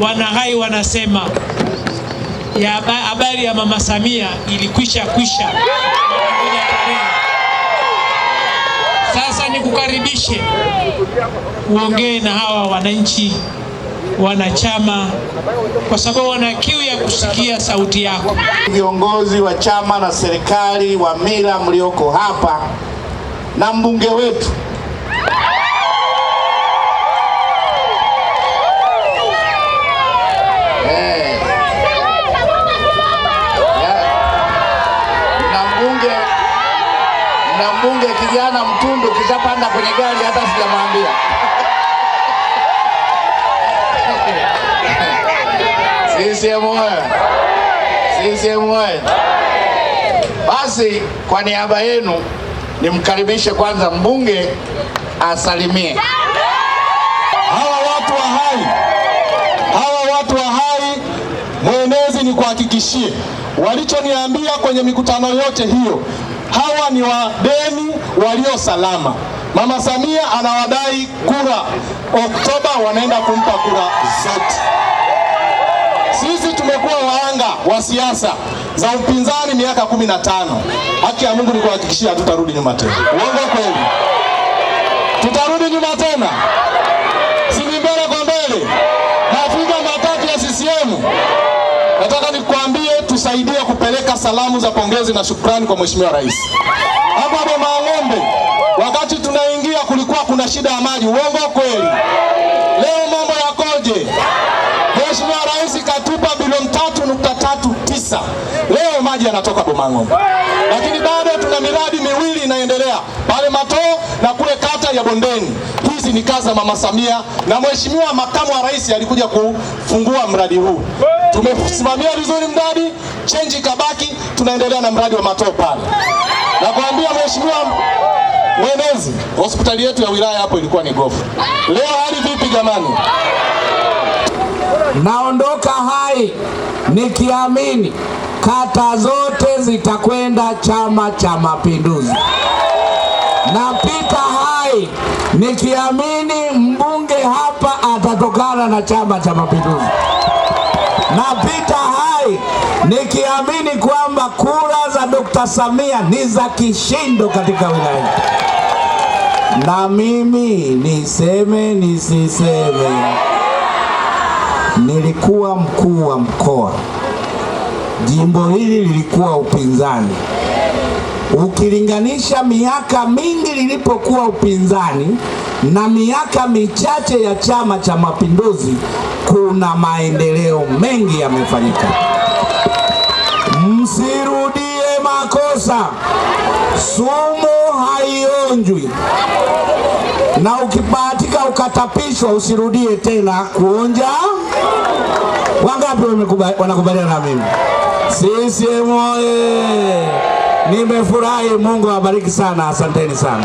Wanahai wanasema habari ya, ya mama Samia ilikwisha kwisha. Sasa nikukaribishe uongee na hawa wananchi wanachama, kwa sababu wana kiu ya kusikia sauti yako. Viongozi wa chama na serikali wa mila mlioko hapa na mbunge wetu na mbunge kijana mtundu kishapanda kwenye gari, hata sijamwambia. CCM oyee! CCM oyee! Basi kwa niaba yenu nimkaribishe kwanza mbunge asalimie hawa watu wa hai, hawa watu wa hai. Mwenezi, kuhakikishie walichoniambia kwenye mikutano yote hiyo hawa ni wadeni walio salama. Mama Samia anawadai kura, Oktoba wanaenda kumpa kura zote. Sisi tumekuwa waanga wa siasa za upinzani miaka kumi na tano. Haki ya Mungu nikuhakikishia, hatutarudi nyuma tena. Uongo kweli? Tutarudi nyuma tena? salamu za pongezi na shukrani kwa Mheshimiwa Rais. Hapa hapa Mang'ombe, wakati tunaingia kulikuwa kuna shida ya maji, uongo kweli? Leo mambo yakoje? Mheshimiwa Rais katupa bilioni tatu nukta tatu tisa. Leo maji yanatoka Bomang'ombe, lakini bado tuna miradi miwili inaendelea pale Matoo na kule kata ya Bondeni. Hizi ni kazi za Mama Samia na Mheshimiwa makamu wa Rais alikuja kufungua mradi huu tumesimamia vizuri mradi, chenji kabaki tunaendelea na mradi wa matoo pale. Nakwambia mheshimiwa mwenezi, hospitali yetu ya wilaya hapo ilikuwa ni gofu, leo hali vipi jamani? Naondoka hai nikiamini kata zote zitakwenda Chama cha Mapinduzi. Napita hai nikiamini mbunge hapa atatokana na Chama cha Mapinduzi napita hai nikiamini kwamba kura za Dr. Samia ni za kishindo katika wilaya. Na mimi niseme nisiseme, nilikuwa mkuu wa mkoa, jimbo hili lilikuwa upinzani. Ukilinganisha miaka mingi lilipokuwa upinzani na miaka michache ya Chama cha Mapinduzi, kuna maendeleo mengi yamefanyika. Msirudie makosa, sumu haionjwi, na ukibahatika ukatapishwa usirudie tena kuonja. Wangapi wanakubaliana na mimi? Sisi moye! Nimefurahi, Mungu awabariki sana, asanteni sana.